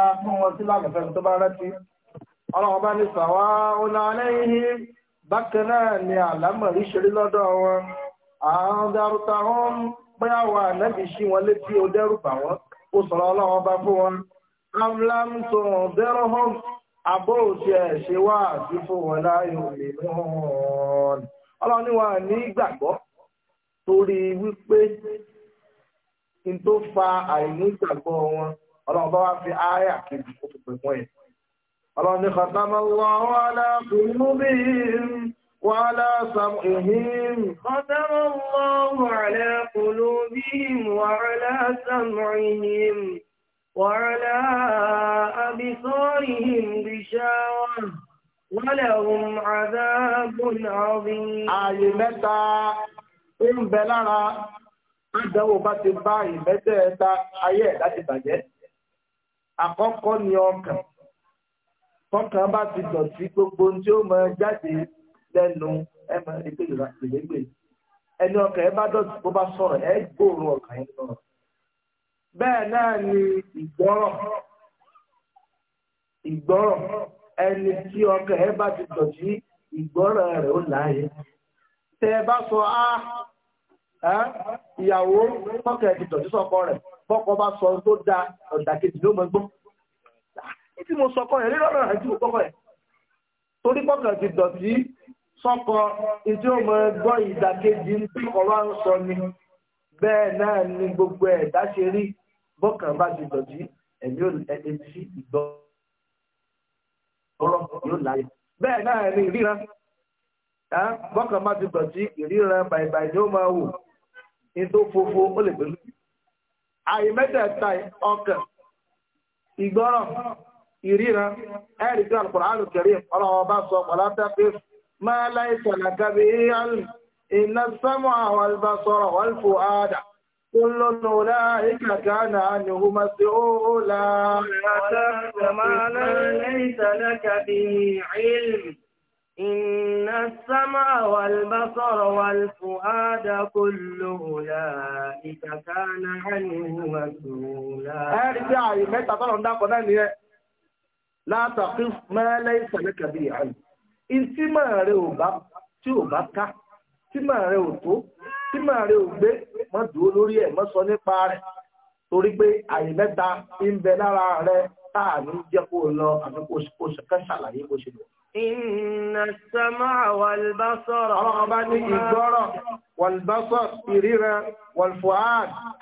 ká fún wọn sí lánàfẹ́ tó bá rántí ọlọ́run bá ní sàwá ọ̀nà aláìhìn bákan náà ni àlámọ̀rí ṣeré lọ́dọ̀ wọn àwọn dárúta wọn bóyá wà nẹ́bí sí wọn létí ó dẹ́rù bà wọ́n ó sọ̀rọ̀ ọlọ́run bá fún wọn amlam tó dẹ́rù hàn àbó òsì ẹ̀ ṣe wá àti fún wọn láàyò nínú ọlọ́run ni wọn ní ìgbàgbọ́ torí wípé n tó fa àìní ìgbàgbọ́ wọn ọlọ́run bá wá fi ááyà kejì ó fi pè fún ẹ̀. ọlọ́run ní khatama Allahu ala qulubihim wa ala sam'ihim. khatama Allahu ala qulubihim wa ala sam'ihim wa ala absarihim ghishawa wa lahum ààyè mẹ́ta ń bẹ lára àdánwò bá ti bá ìmẹ́tẹ̀ẹ̀ta ayé ẹ̀ láti bàjẹ́ àkọ́kọ́ ni ọkàn tọkàn bá ti dọ̀tí gbogbo ohun tí ó máa jáde lẹ́nu ẹ máa rí pé ìrẹ̀gbẹ̀gbẹ̀ ẹni ọkàn ẹ bá dọ̀tí bó bá sọ̀rọ̀ ẹ gbòòrùn ọkàn ẹ sọ̀rọ̀ bẹ́ẹ̀ náà ni ìgbọ́rọ̀ ìgbọ́rọ̀ ẹni tí ọkàn ẹ bá ti dọ̀tí ìgbọ́rọ̀ rẹ̀ ó láàyè tẹ́ ẹ bá sọ á ìyàwó ọkàn ẹ ti dọ̀tí sọ́kọ rẹ̀ fọ́kọ bá sọ tó da ọ̀dà kejì ló mọ gbọ́n tí mo sọkọ ẹ̀ rírọ̀ náà ju kọ́kọ́ ẹ̀ torí kọ́kàn ti dọ̀tí sọ́kọ ìdí ọmọ ẹgbọ́ ìdàkejì ń tí ọ̀rọ̀ ń sọ ni bẹ́ẹ̀ náà ni gbogbo ẹ̀dá ṣe rí bọ́kàn bá ti dọ̀tí ẹ̀mí ò lẹ́ni sí ìgbọ́ ọ̀rọ̀ yóò láyé bẹ́ẹ̀ náà ni ìríran bọ́kàn bá ti dọ̀tí ìríran bàìbàì ni ó máa wò ní tó fofo ó lè pẹ̀lú àyè mẹ́tẹ̀ẹ̀ta ọkàn ìgbọ́ràn يرينا اهل كتاب القران الكريم الا وباصهم ولا تقف ما ليس لك به علم ان السمع والبصر والفؤاد كل اولئك كان عنه مسؤولا ولا ما ليس لك به علم إن السمع والبصر والفؤاد كل أولئك كان عنه مسؤولا látàkì mẹ́lẹ́ ìsàlẹ̀ kàbí àyè ìtí máa rẹ ò bá tí ò bá ká tí máa rẹ ò tó tí máa rẹ ò gbé má dúró lórí ẹ̀ má sọ nípa rẹ̀ torí pé àyè mẹ́ta ń bẹ lára rẹ tá à ní jẹ́ kó lọ àti kó kẹ́ ṣàlàyé kó ṣe lọ. Inna as-sam'a wal-basara. Àwọn ní ìgbọ́rọ̀, wal-basar, ìríra,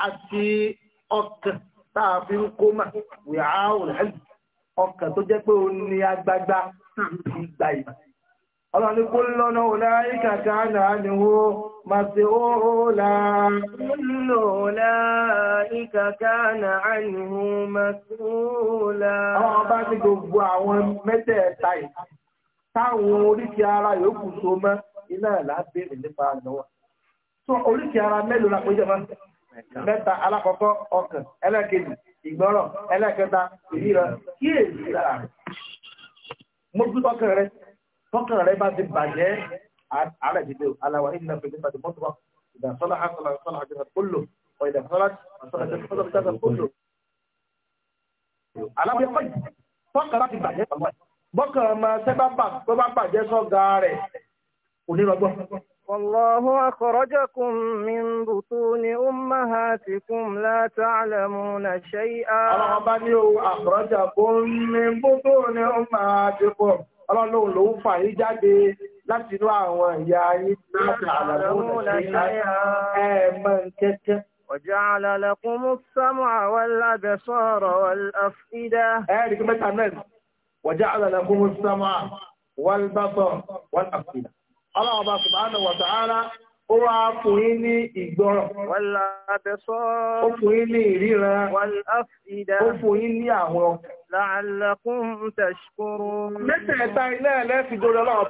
àti ọkàn tá a fi ń kó mà, wíhá òun ọkàn tó jẹ́ pé ó ní agbágbá ti gba ìmọ̀. ọlọ́run ní kó lọ́nà òlà ìkàkà náà ni ó máa ṣe ó òlà. lọ́nà òlà ìkàkà náà ni ó máa ṣe òlà. ọlọ́run bá so oríkì ara mélòó la péjọ mẹ́ta alákọ̀ọ́kọ́ ọkàn ẹlẹ́kejì ìgbọ́rọ̀ ẹlẹ́kẹta ìríran kíyèsí lára rẹ̀ mójú tọ́kàn rẹ̀ tọ́kàn rẹ̀ bá ti bàjẹ́ ààrẹ ìdílé aláwa nínú ẹgbẹ́ nípa ti mọ́tò wa ìdásọ́lá àtọ́lá àtọ́lá àjọyọ̀ kólò ọ̀ ìdásọ́lá àtọ́lá àjọyọ̀ kólò. aláwọ̀ ẹ̀kọ́ yìí tọ́kàn láti bàjẹ́ bọ́kàn máa sẹ́ bàjẹ́ sọ́gà rẹ̀ onírọ̀gbọ́n والله أخرجكم من بطون أمهاتكم لا تعلمون شيئا أرابني أخرجكم من بطون أمهاتكم Ọlọ́run ló ń fà لا jáde láti لا تعلمون شيئا وجعل لكم السمع والأبصار والأفئدة. Ẹ̀ẹ́dì kí وجعل لكم السمع والبصر والأفئدة. ọba subhanahu wa ta'ala ó wá fún yín ní ìgbọ́rọ̀. wàlá àtẹ̀sọ́. ó fún ní ìríran. wàlá àfìdá. ó ní àwọn ọkàn. la'allakum tashkurun. mẹ́tẹ̀ẹ̀ta ilé ẹlẹ́fìdó ọlọ́run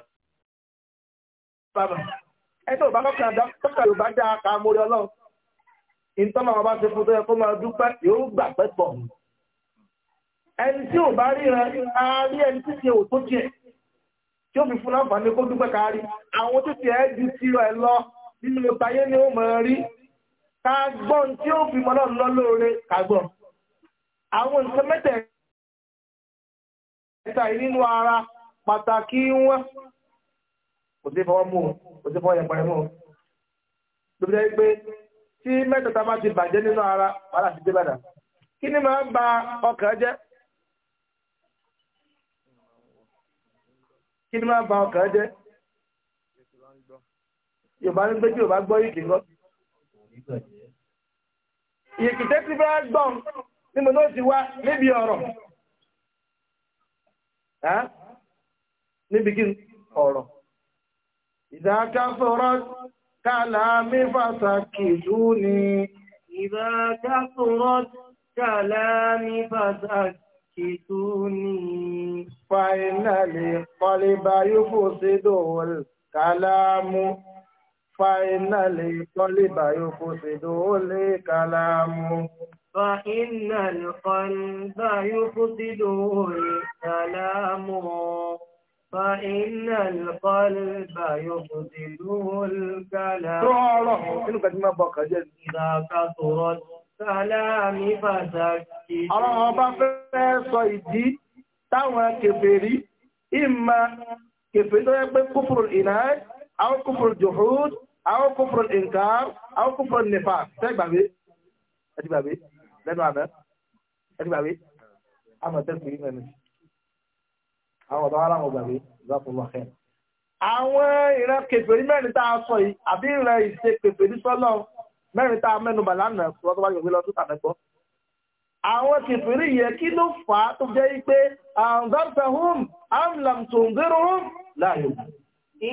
bàbà ẹni ò bá kọ́kàn dọ́kítà yóò bá dá aka mórí ọlọ́run ìtọ́nà ọba ti fún tó yẹ kó máa dúpẹ́ yóò gbà pẹ́ pọ̀ ẹni tí ò bá ríran á rí ẹni tí ti tí ó fi fún láǹfààní kó dúpẹ́ kárí àwọn tó ti ẹ́ ju tirọ̀ ẹ̀ lọ nínú tayé ni ó mọ̀ rí ká gbọ́n tí ó fi mọ́nà lọ lóore ká gbọ́n àwọn nǹkan mẹ́tẹ̀ẹ̀ta yìí nínú ara pàtàkì wọn kò sí fọwọ́ mú o kò sí fọwọ́ yẹpẹrẹ mú o lóbi jẹ́ pé tí mẹ́tẹ̀ẹ̀ta bá ti bàjẹ́ nínú ara wàhálà ti dé bàdà kí ni máa ń ba ọkàn jẹ́ kí ni máa ba ọkàn jẹ́ yorùbá ń gbé tí yorùbá gbọ́ yìí kì í gbọ́ ìyèkìtẹ́ tí bá gbọ́n níbo ló ti wá níbi ọ̀rọ̀ níbi kí ọ̀rọ̀ ìdáká sọ̀rọ̀ kálá mi fàṣàkì ìlú ni ìdáká sọ̀rọ̀ kálá mi fàṣàkì أنكتوني فإن القلب يفسد الكلام فإن القلب يفسد الكلام فإن القلب يفسد الكلام فإن القلب يفسد الكلام. Ìdá kásùrọ̀tì. Sàlámì pàtàkì. Àwọn ọba fẹ́ sọ ìdí táwọn kèfèrí, ìmà kèfèrí tó yẹ pé kúfùrù ìnáyé, àwọn kúfùrù jùhúd, àwọn kúfùrù ìǹkà, àwọn kúfùrù nìfà, tẹ́gbàgbé, ẹ̀dìgbàgbé, lẹ́nu àná, ẹ̀dìgbàgbé, àmọ̀tẹ́kùn yìí mẹ́nu. Àwọn ọ̀dọ́ aláwọ̀ gbàgbé, ìgbàkùnlọ̀ kẹ́ àwọn ìran kèfèrí mẹ́rin tá a sọ yìí àbí ìran ìṣe kèfèrí sọ́lọ́ mẹ́rin tá a mẹ́nubà lánàá sọ tó bá yọ̀ mí lọ àwọn kìfìrí yẹ kí ló fà á tó jẹ́ pé àǹdọ́tàhùn àmlàmtòǹdéròhùn láàyò.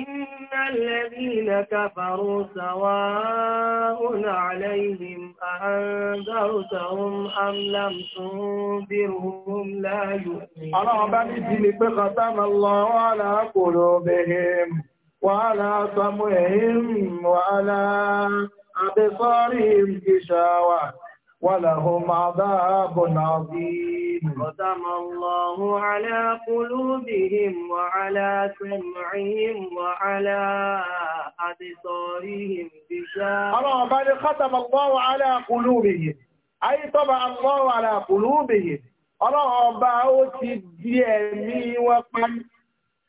إن الذين كفروا سواء عليهم أأنذرتهم أم لم تنذرهم لا يؤمنون الله بني ختم الله على قلوبهم وعلى سمعهم وعلى أبصارهم غشاوة ولهم عذاب عظيم ختم الله على قلوبهم وعلى سمعهم وعلى أبصارهم غشاوة الله بل ختم الله على قلوبهم أي طبع الله على قلوبهم الله باوتي ديامي وقم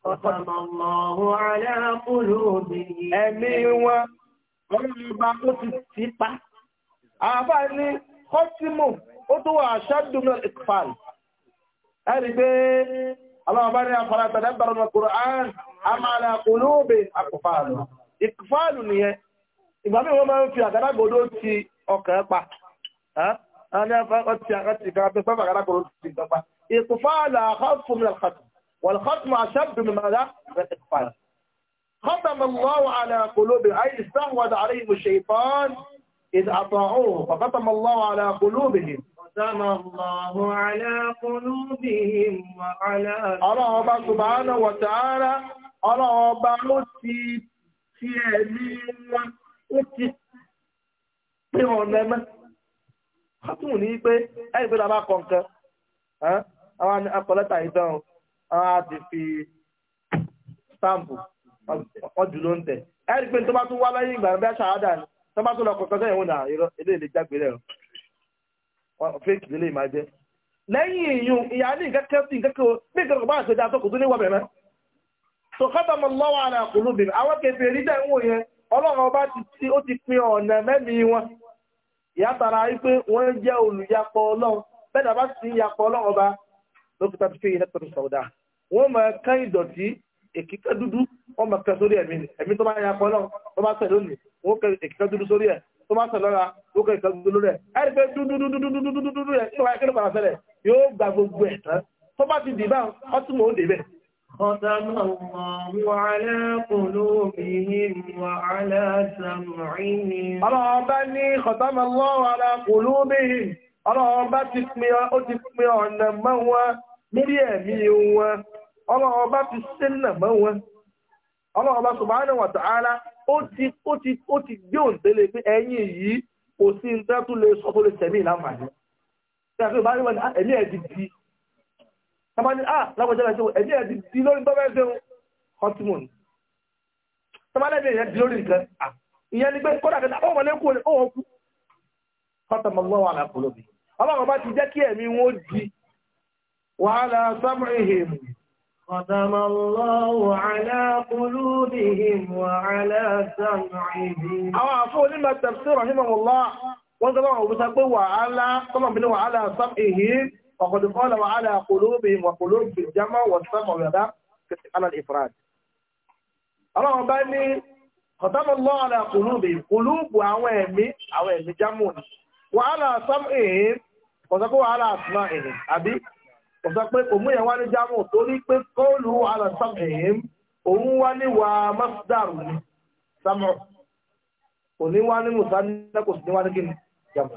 ختم الله على قلوبهم أمي ọlọ́run ọba ó ti tì í pa àbá ní kọ́tímù ó tó wà aṣáájúmọ́ ìfàl ẹni pé ọlọ́run ọba ní afárátàdá bàrọ̀ ní kùrán a máa ra olóòbè àkùfààlù ìfàlù nìyẹn ìgbà mi wọ́n máa ń fi àgádágodo ti ọkàn pa ẹni ọtí àkàtì kan pé fẹ́fẹ́ àgádágodo ti ìgbà pa ìkùfààlù àkọ́fùmù àkàtì wọ̀lùkọ́tùmù aṣáájúmọ́ ìfàlù ختم الله على قلوبهم أي استعوذ عليهم الشيطان إذ أطاعوه فختم الله على قلوبهم ختم الله على قلوبهم وعلى الله سبحانه وتعالى الله بانو تي تي تي pé ọ̀nà ẹmẹ́ látùn ní pé ẹ̀yìn pé lábá kọ̀ǹkan àwọn akọ̀lẹ́ta ìdán àwọn àti fi stampu ọ ń tẹ̀ ẹ̀rí pé tó bá tún wá lẹ́yìn ìgbà bẹ́ẹ̀ ṣàádà ni tó bá tún lọ kọ̀ọ̀kan sẹ́yìn wọn náà ilé ìlẹ̀ jágbélẹ̀ rẹ̀ fẹ́ẹ̀kì lélẹ̀ máa jẹ́ lẹ́yìn ìyún ìyá ní sí o bí ìkẹ́kẹ́ bá àṣẹjà tó kò tún ní wọ̀bẹ̀ mẹ́. lọ́wọ́ kùlù ọba ti ó ti pin ọ̀nà mẹ́mìí wọn ìyá tara wọ́n jẹ́ olùyapọ̀ ọlọ́run bẹ́ẹ̀ yapọ̀ ọlọ́run ọba tó èkìtẹ́ dúdú wọ́n máa kẹ́ sórí ẹ̀mí ni ẹ̀mí tó bá ya kọ́ náà tó bá tẹ̀ lónìí wọ́n tó bá ti dìbà ọ́ mọ̀ ó débẹ̀. ختم الله على قلوبهم وعلى ọlọ́ọ̀bá ti pin ọ̀nà mọ́ wọn lórí ẹ̀mí wọn ọlọ́run ọba ti sẹ́nà mọ́ wọn ọlọ́run ọba subhanahu wa ta'ala ó ti ó ti ó ti gbé òǹtẹ̀lẹ̀ pé ẹ̀yìn yìí kò sí ń tẹ́ tó lè sọ tó lè tẹ̀mí ìlànfààní tí a fi bá níwọ̀n ah, ẹ̀mí ẹ̀ ti di tọ́ba ní ah láwùjọ ẹ̀ ti wọ ẹ̀mí ẹ̀ ti di lórí tọ́ba ẹ̀ fẹ́ràn hotmon tọ́ba lẹ́bi ah, jẹ́ kí ẹ̀mí wọn di wàhálà sámúrì hèmù ختم الله على قلوبهم وعلى سمعهم أو عفو لما التفسير رحمه الله وانظروا وبتقوا وعلى طبعا بنوا وعلى سمعهم وقد قال وعلى قلوبهم وقلوب في الجمع والسمع والأداء على الإفراد الله بني ختم الله على قلوبهم قلوب وعوامي عوامي جمعون وعلى سمعهم وتقوا وعلى أسمائهم أبي kò sọ pé kò mú yẹn wá ní jámù torí pé kóòlù ala sam'ihim òun wá ní wà masdar ní sámọ̀ kò ní wá ní musa ní kò sí ní wá ní kí ni jámù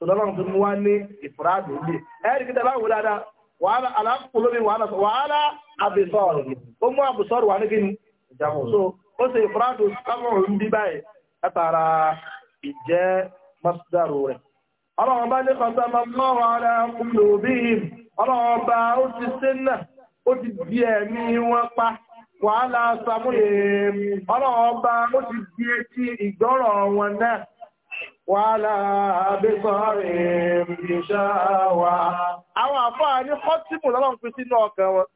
sọlọ́run tó ní wá ní ìfúráàdì ìdí ẹ̀rí kí tẹ́lá wò dáadáa wàhálà alákùnlómi wàhálà wàhálà àbẹ̀sọ̀rọ̀ ó mú àbẹ̀sọ̀rọ̀ wà ní kí ni jámù so ó sì ìfúráàdì sámọ̀ ń bí báyìí látara ìjẹ́ masdar rẹ̀ ọlọ́run bá ní kọ́ńtà máa ọlọ́ọba ó ti ṣe náà ó ti di ẹ̀mí wọn pa wàhálà sàmúyè ọlọ́ọba ó ti di etí ìgbọ́rọ̀ wọn náà wàhálà abẹ́sọ̀rẹ̀ ìṣàwà. àwọn àfáà ní kọ́tìmù lọ́lọ́run fi sínú ọkàn wọn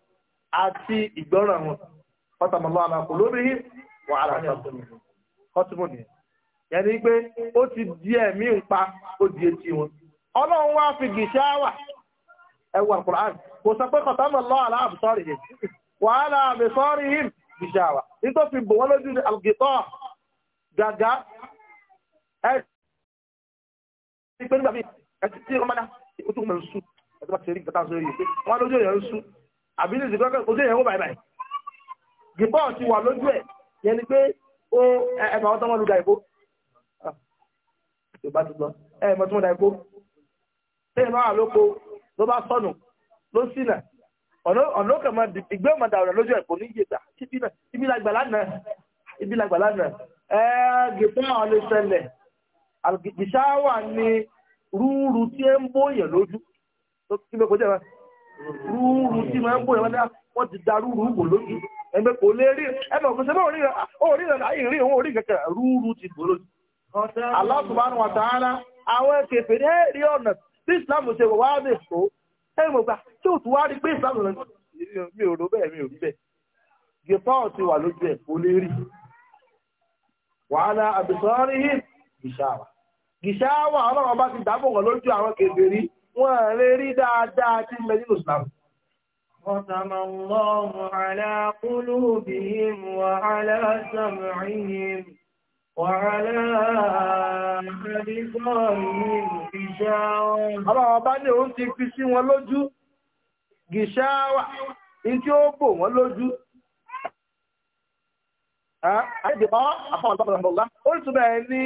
àti ìgbọ́rọ̀ wọn ọ̀tàmọ̀lọ́ àlàkù lórí wàhálà kọ́tìmù nìyẹn yẹni pé ó ti di ẹ̀mí ń pa ó di etí wọn ọlọ́run wá fi gìṣáwà ẹwà Kùránì kò sọ pé kọ̀tàmù lọ́ aláàbù sọ́ọ̀rì yìí wàhálà àmì sọ́ọ̀rì yìí ìjàwà nítorí fi bò wọ́n lójú ní àlùgìtọ́ gàgà ẹ ti pé nígbà ló bá sọnù ló ṣìnà ọ̀nà òkè mọ ìgbé ọmọdé àwọn lójú ẹ̀kọ́ ní ìyẹ̀dà ibi làgbà lánàá ibi làgbà lánàá ẹ gẹ̀tọ́ àwọn lè ṣẹlẹ̀ àgbìṣáwà ni rúurú tí ẹ ń bóyẹ̀ lójú kí ló kọjá rúurú tí máa ń bóyẹ̀ lọ́dá wọ́n ti da rúurú wò lójú ẹgbẹ́ kò lè rí ẹgbẹ́ kò sẹ́fẹ́ orí rẹ̀ láyé rí òun orí kẹ̀kẹ́ rúurú ti bò lójú. Allah subhanahu wa tí islam ṣe wọ̀ wá lè tó tí ò tún wá rí pé islam rẹ̀ mi ò rò bẹ́ẹ̀ mi ò rí bẹ́ẹ̀ gẹ̀pọ̀ ti wà lójú ẹ̀ kó lè rí wàhálà àbẹ̀sọ́rí hìn gìṣàwà gìṣàwà ọlọ́run bá ti dábọ̀ wọ̀ lójú àwọn kèbèrè wọn lè rí dáadáa tí ń bẹ nínú islam. ختم الله على قلوبهم Ọlọ́wọ́ bá ní òun ti fi sí wọn lójú, gìṣáwà, in tí ó bò wọn lójú. Àìdìbọ́ àfọ́wọ̀lọ́pọ̀lọpọ̀lá, ó rí túnbẹ̀ ní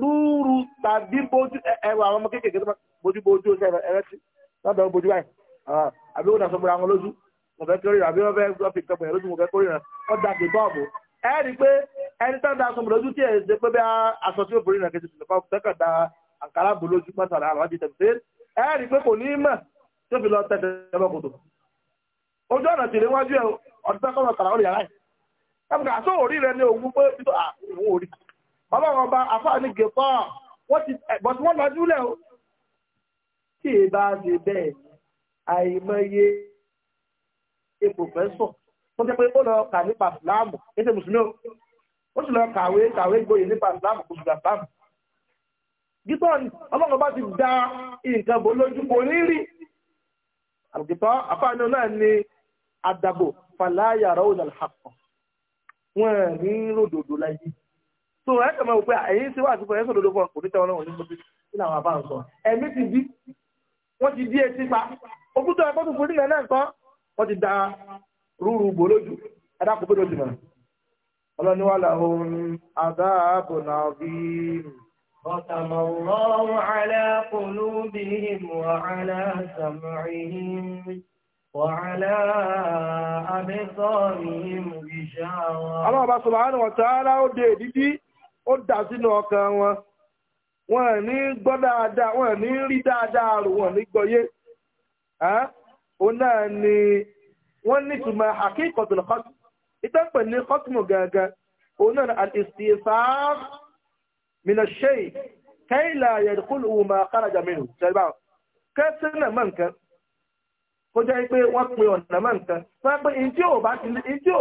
rúurú tàbí bójú ẹwà àwọn ọmọ kéèkéé tó bójú bójú ẹrẹ́tí lọ́dọ̀ bójú báyìí. Àbí ó dà sọ bóra wọn lójú, mo fẹ́ kórìíra, àbí wọ́n fẹ́ ẹni tó da sọmọ lójú tí ẹ ṣe pé bí aṣọ tí obìnrin náà kẹsì tìlẹ̀ fáwọn tẹ́kọ̀ da àǹkárá bò lójú pátálà àwọn àti tẹ̀sí ẹ rí i pé kò ní í mọ̀ tó fi lọ tẹ̀sẹ̀ ẹbọ kòtò ojú ọ̀nà tìlẹ̀ wájú ẹ ọ̀dún tẹ́kọ̀ lọ kàrà ó lè yàrá yìí ẹ̀bùn àṣọ òrí rẹ ní ògún pé àwọn òrí bàbá wọn bá afáà ní gẹ̀fọ́ wọ́n ti ó sì lọ kàwé kàwé gboyè nípa islam kò gbà islam gítọ́ ni ọlọ́run bá ti da nǹkan bò lójú kò ní rí àgùtọ́ àfáàní náà ni àdàbò fàlàyà rọ́ọ̀dà àpọ̀ wọn ní ròdòdó láyé tó ẹ kàn máa wò pé ẹ̀yìn sí wàásù fún ẹ̀ sọ̀dọ̀dọ̀ fún ọkùnrin tẹ́wọ́n náà wọ́n ní gbogbo kí làwọn àbá ń sọ ẹ̀mí ti di wọ́n ti di etí pa òkúta ẹ̀kọ́ tó fún nílẹ̀ náà nǹkan wọ́n ti da rúurú bò lójú ẹ̀dá kò gbọ́dọ̀ jùlọ ọlọ́ni wà láhùn àdáàbò náà bí. ختم الله على قلوبهم وعلى سمعهم وعلى أبصارهم غشاوة الله سبحانه وتعالى ó dé dídí ó dà sínú ọkàn wọn ní gbọ́ dáadáa wọn ní rí dáadáa rò wọn ní gbọ́yé ó náà ni wọ́n ní ìtumọ̀ àkíkọ̀tò ìtẹ́pẹ̀ ní kọ́tùmù gẹ́gẹ́ òun náà al-istisaf min ash-shay' kay la yadkhuluhu ma kharaja minhu ṣẹlẹ̀ kẹ́sẹ̀ náà mọ̀ nǹkan kó jẹ́ pé wọ́n pe ọ̀nà mọ̀ nǹkan wọ́n pe ìdí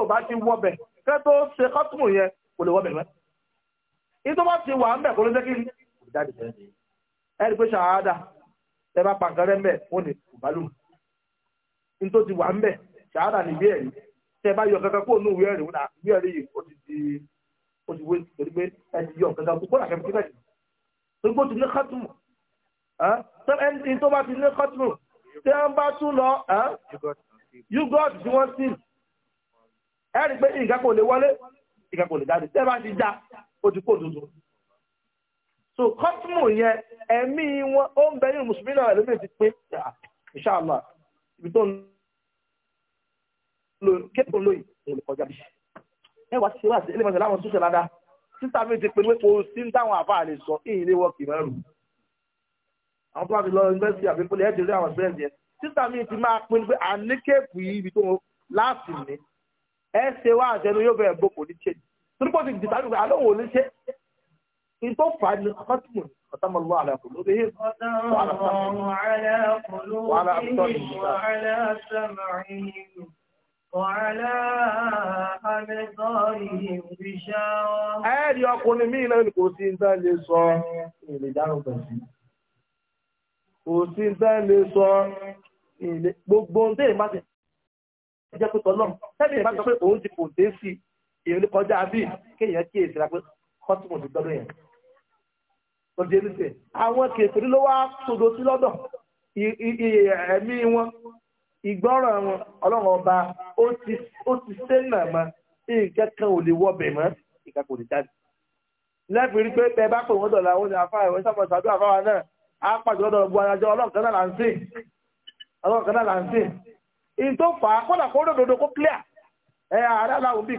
ò bá ti wọ́bẹ̀ kẹ́ tó ṣe kọ́tùmù yẹn kò lè wọ́bẹ̀ mọ́ ìtọ́ bá ti wà ń bẹ̀ kó ló jẹ́ kí ẹ̀rí pé ṣàhádà ẹ bá pàǹkẹ́rẹ́ ń bẹ̀ wọ́n ní ìbálòmù ní tó ti wà ń bẹ̀ ṣàhádà níbi ẹ̀rí tẹ bá yọ kankan kúrò ní ìwé ẹ̀rí wọn ìwé ẹ̀rí yìí ó ti di ó ti wé torí pé ẹ ti yọ kankan kúrò náà kẹfì kíkẹ́tì torí pé ó ti ní kọ́tùmù ẹni tó bá ti ní kọ́tùmù tí wọ́n bá tún lọ yúgọ́ọ̀tì tí wọ́n sì ẹ pé nǹkan kò lè wọlé nǹkan kò lè jáde tẹ bá ti já ó ti kó dúdú. so kọ́tùmù yẹn ẹ̀mí wọn ó ń bẹ ní mùsùlùmí náà lómi ti pé inṣàlá ibi tó ń lọ kéèkó lóyìn òun lè kọjá bí. ẹ wá sí wáṣẹ ilé láwọn tó ṣe sísá mi ti pinnu pé sí ní táwọn àbá lè sọ ìyìn lè wọ kìmẹ́rù. àwọn tó bá ti lọ yunifásitì àbí pé ẹ̀jẹ̀ rí àwọn ìpínlẹ̀ yẹn sísá mi ti máa pinnu pé àní kéèkù yìí ibi tó láti ní ẹ ṣe wá àṣẹnu yóò bẹ̀rẹ̀ bó ní ṣe torí ti dìtà nígbà alóhùn ò ní وعلى أبصارهم غشاوة ẹ̀rí ọkùnrin míì náà kò sí ń tán lè sọ ìlè dáhùn pẹ̀sí kò sí ń tán lè sọ ìlè gbogbo ohun tẹ́yìn bá ti jẹ́ pé tọ́lọ́ tẹ́yìn bá ti sọ pé òun ti kò dé sí èyí kọjá bí kéèyàn kí èsì pé kọ́tùmù ti gbọ́dọ̀ yẹn lọ́dún ẹni àwọn kèfèrí ló wá sódò sí lọ́dọ̀ ẹ̀mí wọn ìgbọ́ràn wọn ọlọ́run ọba ó ti sẹ́nà mọ́ nǹkan kan ò lè wọbẹ̀ mọ́ nǹkan kò lè jáde. lẹ́bìrì pé bẹ́ẹ̀ bá pè wọ́n dọ̀la wọn ni afárá ìwé sábà sàdúrà fáwa náà á pàdé ọ̀dọ̀ ọ̀gbọ́n ọlọ́run kan náà là ń sìn ọlọ́run kan náà là ń sìn. ìyìn tó fà á kọ́nà kó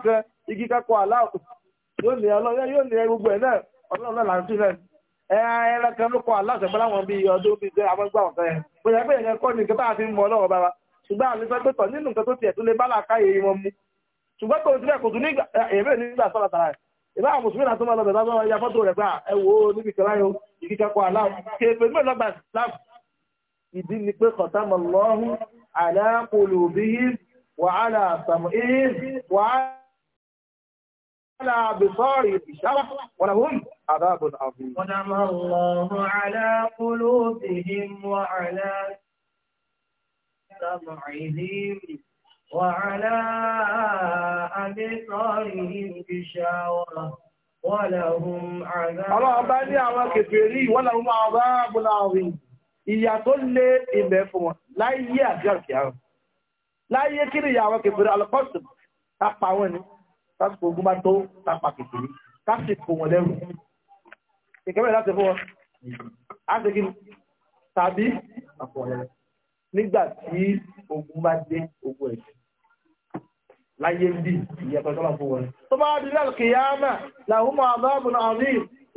kan igi aláwọ̀ yóò ní ọlọ́run yóò ní ṣùgbọ́n àmì sọ pé tọ̀ nínú nǹkan tó tiẹ̀ tó lè bá làákàyè wọn mu ṣùgbọ́n tó ti bẹ́ẹ̀ kò tún ní èrè nígbà sọ́la tàrà ẹ̀ ìbá àwọn mùsùlùmí náà tó máa lọ bẹ̀rẹ̀ lọ́wọ́ ya fọ́tò rẹ̀ pé ẹ wo níbi kan láyò ìdí kan kọ aláwọ̀ kéèpé mẹ́rin lọ́gbà islam ìdí ni pé kọ̀tàmọ̀ lọ́hùn àlàkùlù bí wàhálà àtàmù ìhìn wàhálà àbẹ̀sọ́rì ìṣàwà wọn àwọn àbábọ̀n àbí. wọ́n dá máa lọ́hùn àlàkùlù bí wàhálà سمعهم وعلى أبصارهم غشاوة ولهم عذاب الله بني àwọn kèfèrí ولهم عذاب عظيم ìyà tó lé ilẹ̀ fún wọn láyé àti àkíyàwó láyé kí ni ìyàwó kèfèrí alọ́pọ̀sù tápa wọn ni tásìkò ogun bá tó tápa kèfèrí tásìkò wọn lẹ́rù ìkẹ́bẹ̀rẹ̀ láti fún wọn á ṣe kí tàbí àpò ọ̀lẹ́rẹ̀ nígbà tí ogun bá dé ogun ẹ̀sìn láyé ń bì ìyẹn pẹ̀lú ọlọ́run fún wọn. tó bá di lẹ́nu kìyàmà làwọn àbáàbò náà rí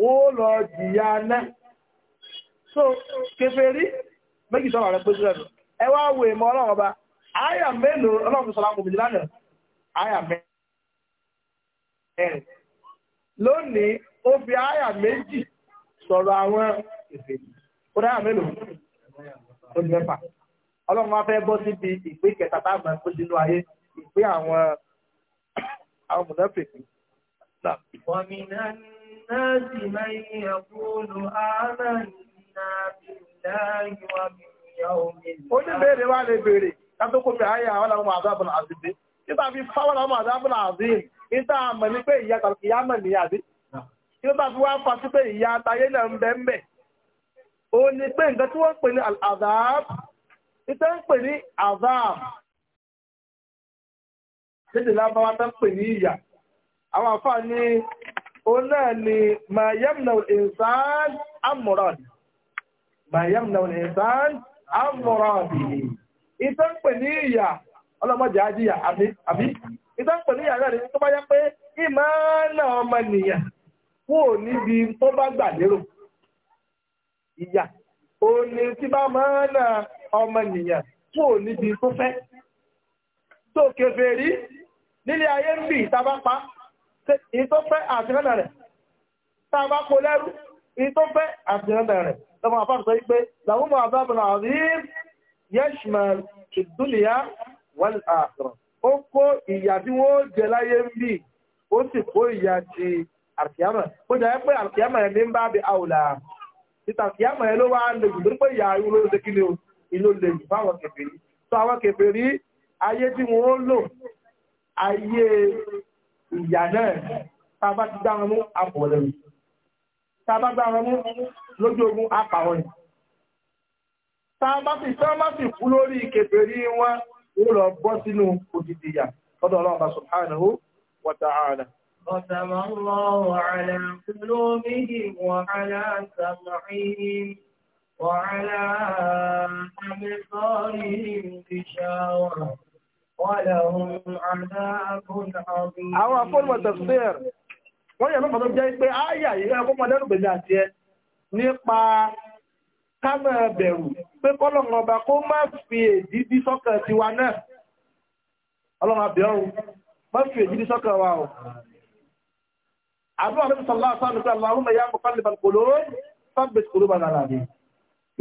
ó lọ jìyà náà. so kèfèrí méjì sọ̀rọ̀ rẹ̀ péjú lẹ́nu ẹ wá wo ìmọ̀ ọlọ́run ọba àyà mélòó ọlọ́run sọ̀rọ̀ àpò méjì lánàá àyà mẹ́rin. lónìí ó fi àyà méjì sọ̀rọ̀ àwọn kèfèrí ó dáyà mélòó ó di mẹ́fà ọlọ́run wá fẹ́ bọ́ síbi ìpín kẹta tá a máa kó sínú ayé ìpín àwọn àwọn mùnáfìkì. ومن الناس من يقول آمنا بالله وباليوم الآخر. ó ní béèrè wá lè béèrè kátó kó fi àyà àwọn àwọn àzábùn àzìdé nígbà fi fáwọn àwọn àzábùn àzìdé níta àmọ̀ ní pé ìyá tàbí ìyá mọ̀ ní àdé kí ló bá fi wá fa sí pé ìyá àtayé náà ń bẹ́ ń ó ní pé nǹkan tí wọ́n pè ní àzábùn ìtẹ́ ń pè ní azam lédè lábáwá tẹ́ ń pè ní ìyà àwọn àfáà òun náà ni mayamna ìsán amúrọ̀dì mayamna ìsán amúrọ̀dì ìtẹ́ ń pè ní ìyà ọlọ́mọdé ajíyà àbí ìtẹ́ ń pè ní ìyà náà ni tó bá yá pé ìmọ̀ náà ọmọ nìyàn kúrò níbi tó bá gbà lérò ìyà òun ni tí bá máa ọmọnìyàn tó níbi tó fẹ́ tó kèfèrí nílé ayé ń bì tàbá pa ìtó fẹ́ àtìrànà rẹ̀ tàbá kò lẹ́rú ìtó fẹ́ àtìrànà rẹ̀ lọ́mọ àfáàtọ̀ wípé làwọn àbábọ̀nà àrí yẹ́ṣmà ìdúnìyà wọ́n àtìràn ó kó ìyà tí wọ́n jẹ láyé ń bì ó sì kó ìyà ti àkíyàmà ó jẹ́ pé àkíyàmà yẹn ní ń bá ló wá ń lè gùn tó ń pè ìyà ayúlóṣèkí ni o inú lè jù fáwọn kèfèrí tó àwọn kèfèrí ayé tí wọ́n lò ayé ìyà náà tàbá ti dá wọn mú àpọ̀lẹ̀ rẹ̀ tàbá gbá wọn mú lójú ogun apàwọn rẹ̀ tàbá sì tán má sì kú lórí kèfèrí wọn wọ́n lọ bọ́ sínú òdìdì ìyà lọ́dọ̀ ọlọ́ọ̀bá subhanahu wa ta'ala ختم الله على قلوبهم وعلى وعلى أبصارهم غشاوة ولهم عذاب عظيم àwọn afọ́lùmọ̀ tafsir wọ́n yẹ̀ mọ́kànlá jẹ́ pé ááyà yìí ẹkọ́ mọ̀ lẹ́rù bèèrè àti ẹ nípa kámọ̀ bẹ̀rù pé kọ́lọ̀mọ̀ ọba kó má fi èdìdí sọ́kàn tiwa náà ọlọ́run àbẹ̀ọ́rùn má fi èdìdí sọ́kàn wa ọ̀ àdúrà rẹ̀ sọ̀lá àtàlùkọ́ Allahumma ya muqallibal qulub thabbit qulubana ala dinik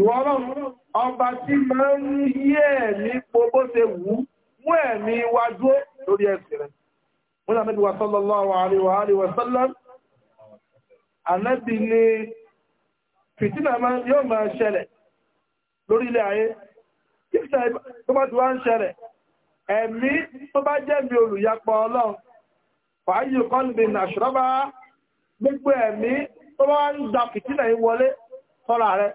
Ìwọ́lọ́run ọba tí máa ń yí ẹ̀mí po bó ṣe wù ú mú ẹ̀mí wa dúró lórí ẹ̀sìn rẹ̀. Wọ́n ní àmẹ́bí wa sallallahu alaihi wa sallam. Ànábì ni fìtínà yóò máa ṣẹlẹ̀ lórí ilẹ̀ ayé. Kíkà tó bá ti wá ń ṣẹlẹ̀, ẹ̀mí tó bá jẹ́ mi olùyapọ̀ ọlọ́run. Fàáyì qalbin ashraba gbogbo ẹ̀mí tó bá ń da fìtínà yìí wọlé sọ́ra rẹ̀.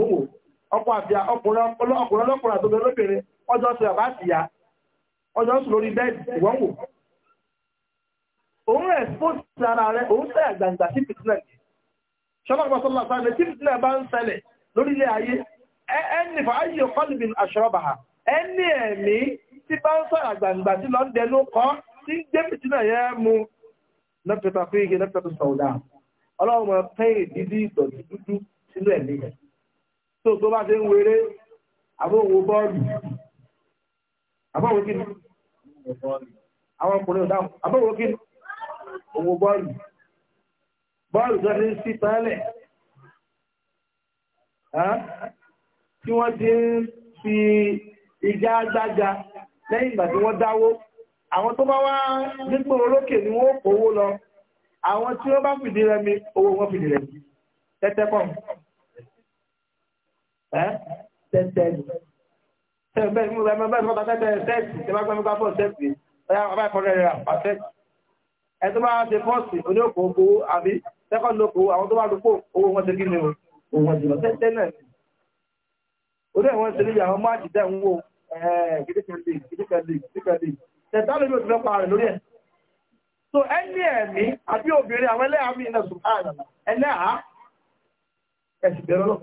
owó ọkọ àbíà ọkùnrin ọlọ́kùnrin àtọ́bẹ̀ lóbìnrin ọjọ́ sọ àbá àtìyà ọjọ́ sọ lórí bẹ́ẹ̀dì ìwọ́n wò òun rẹ̀ fó ti ara rẹ̀ òun sẹ́ àgbàǹgbà sí fìtínà ní ṣọ́lọ́pàá sọ́lá sáré tí fìtínà bá ń ṣẹlẹ̀ lórílẹ̀ ayé ẹni fà áyè kọ́lùbìn àṣọ́rọ̀bà ẹni ẹ̀mí tí bá ń sọ̀rọ̀ àgbàǹgbà sí lọ́ndẹnu kọ́ tí ń gbé fìtínà yẹn mú lọ́pẹ̀tà fún igi lọ́pẹ̀tà sọ̀dà ọlọ́run pẹ́yìn dídí ìdọ̀tí dúdú sínú ẹ̀mí yẹn tó tó bá ṣe ń wéré àbóhùn bọ́ọ̀lù àbóhùn kí ni àwọn ọkùnrin ọ̀dáhùn àbóhùn kí ni òwò bọ́ọ̀lù bọ́ọ̀lù tó ṣe ń sí tánlẹ̀ tí wọ́n ti ń fi ìjà gbága lẹ́yìn ìgbà tí wọ́n dáwó àwọn tó bá wá nípò olókè ni wọ́n kówó lọ àwọn tí wọ́n bá fìdí rẹmi owó wọn fìdí rẹmi tẹ́tẹ́ pọ̀ ẹ́ tẹ́tẹ́ ni tẹ́tẹ́ ni mo bá bá ìfọ́ta tẹ́tẹ́ sẹ́ẹ̀tì tí wọ́n gbọ́ nípa fọ́ sẹ́ẹ̀tì ọ̀yà bàbá ìfọ́rẹ́ rẹ̀ pàṣẹ. ẹ tó bá ṣe fọ́ọ̀sì oníòkó owó àbí sẹ́kọ̀ndì òkó àwọn tó bá dúpọ̀ owó wọn ti kí ni o wọn jùlọ tẹ́tẹ́ náà ni. orí ẹ̀ wọ́n ti rí àwọn máàkì dẹ́ ń wò kìdíkẹ́lì kìdíkẹ́lì kìdíkẹ́lì tẹ̀tẹ́ lórí òtún lọ́pàá rẹ̀ lórí ẹ̀ so ẹni ẹ̀mí àbí obìnrin àwọn ẹlẹ́yàmí náà sùn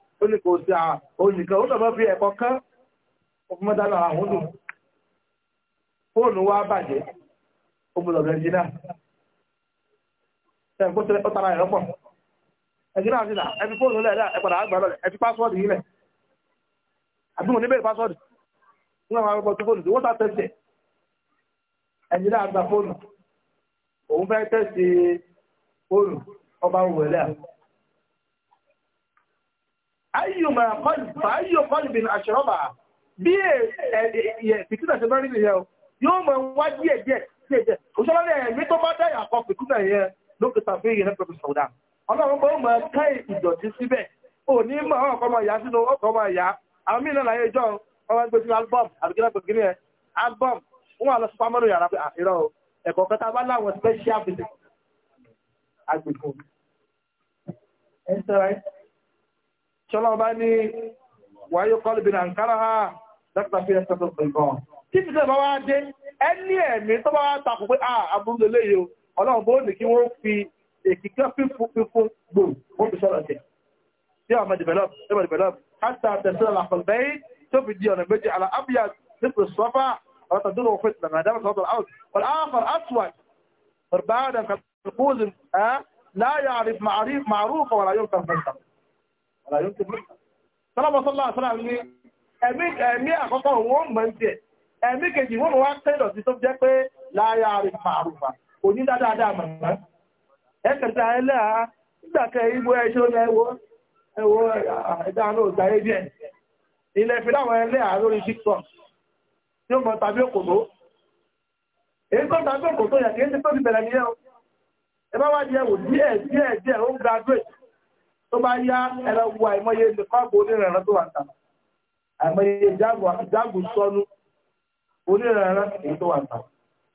ó ní kò sí òyìnkan ó lọ́mọ́ fi ẹ̀kọ́ kán ọkùnmọ́dánà àwọn òdùn fóònù wa bàjẹ́ ọmọlọ̀gbẹ̀ jìnà ẹ̀kọ́ tẹ́lẹ̀ ọ̀tara ẹ̀rọ́pọ̀ ẹ̀jìnà àjìnà ẹ̀fi fóònù lẹ́ẹ̀dá ẹ̀pàdà àgbàlọ́lẹ̀ ẹ̀fi pásọ́ọ̀dù yìí lẹ̀ àbí wọn níbẹ̀rẹ̀ pásọ́ọ̀dù fún àwọn akẹ́kọ̀ọ́ tó fóònù wọ́n sá tẹ́sẹ̀ ẹ̀jìnà àgbà fóònù òun fẹ́ tẹ́sẹ̀ fóònù ọba òwẹ̀lẹ́ ayyùmọ̀ kọlùbà ayyù kọlùbìn àṣírọ́bà bí e, e, e, fìtínà ṣe mẹ́rin nìyẹn o yóò mọ̀ wá díẹ̀ díẹ̀ díẹ̀ díẹ̀ òṣèlú ẹ̀mí tó bá dáyà kọ fìtínà yẹn lókìtà fún ìyẹn pẹ̀lú sọ̀dá ọlọ́run bó mọ̀ ká ìdọ̀tí síbẹ̀ ò ní mọ̀ ọkọ̀ ọmọ ìyá sínú ọkọ̀ ọmọ ìyá àwọn mìíràn láyé ìjọ ọmọ ẹgbẹ́ sínú album àbíkínà pẹ̀lú album wọn lọ sọpá mọ́nú yàrá ìrọ̀ ẹ̀kọ́ kẹta bá láwọn special visit agbègbè ẹ̀ sọ̀rọ̀ ṣọ́lọ́ bá ní wáyé kọlùbìn àǹkárá ha dr pierre sọ́tọ̀ pẹ̀lú tí ti tẹ́ bá wá dé ẹni ẹ̀mí tó bá wá takò pé àbúrò ah, léyìí o ọlọ́run bó ní kí wọ́n fi èkìkẹ́ fífún gbò wọ́n fi sọ́rọ̀ tẹ̀ tí ọmọ develop ẹmọ develop hátà tẹ̀sílẹ̀ làkọ̀lbẹ́yì tó fi di ọ̀nà méjì àlà abia nípò sọ́fà ọ̀rọ̀ tàdúrà òfin ìlànà àdáwà sọ́tọ̀ out àlàyé tó mú. sọlọ́mọsọ́lá àṣọ́lá ní ẹ̀mí àkọ́kọ́ òun ó mọ̀ ń tiẹ̀ ẹ̀mí kejì wọ́n wá tẹ́lọ̀ sí tó jẹ́ pé láyà rẹ̀ màrùfà kò ní dáadáa màmá. ẹ̀kẹta ẹlẹ́à nígbàkẹ́ ibo ẹṣọ́ ní ẹwọ́ ẹwọ́ ẹ̀dá náà dáyé díẹ̀. ilẹ̀ fi láwọn ẹlẹ́à lórí tiktok tí ó mọ tàbí òkòtó. èyí tó tàbí òkòtó yẹ kí n ti tó ti bẹ̀rẹ̀ nìyẹn o. ẹ bá wá di ẹwò díẹ̀ díẹ̀ díẹ̀ ó ń graduate tó bá yá ẹ̀rọ wo àìmọye nìkọ́ọ̀bù onírànràn tó wà ta àìmọye jágò sọnù onírànràn èyí tó wà ta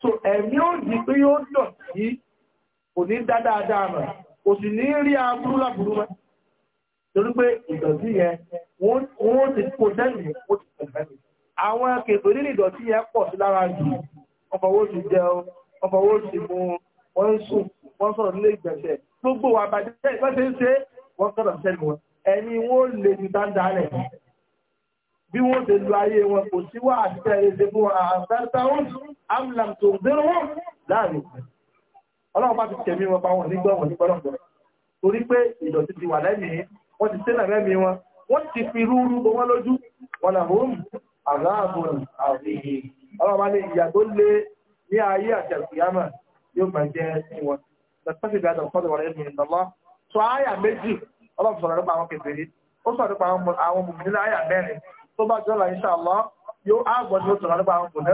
so ẹ̀mí ó di pé yóò dọ̀ sí kò ní dá dáadáa mọ̀ kò sì ní rí aburú láburú mọ́ torí pé ìdọ̀tí yẹn wọ́n ti kó sẹ́nu yẹn kó ti tẹ̀lé mi àwọn kètò nínú ìdọ̀tí yẹn pọ̀ sí lára jù ọkọ̀ ti jẹ ọ ti mú wọn ń sùn wọn sọ̀rọ̀ nílé ìgbẹ̀sẹ̀ gbogbo àbàjẹ́ ìgbẹ́sẹ̀ ń ṣe wọ́n sọ̀rọ̀ sẹ́nu wọn ẹni wọn ò lè ju dáadáa rẹ̀ bí wọ́n ṣe lu ayé wọn kò sí wá àṣìṣe ẹ̀ṣẹ̀ fún àbẹ́rẹ́ta wọn amlam tó ń dérò wọn láàrin ọlọ́run bá ti tẹ̀mí wọn bá wọn nígbà wọn nígbà wọn torí pé ìdọ̀tí ti wà lẹ́mìí wọ́n ti sẹ́nà mẹ́mí wọn wọ́n ti fi rúurú bọ́ wọn lójú wọn là ń àgáàbùn àfihì ọlọ́run bá ní ìyà tó lé ní ayé àti àkìyámà yóò máa jẹ́ wọn sọ àyà méjì ọlọ́run sọ̀rọ̀ nípa àwọn kèfèrí ó sọ̀rọ̀ nípa àwọn mùmìnira àyà mẹ́rin tó Allah yóò àgbọ̀ ni ó sọ̀rọ̀ nípa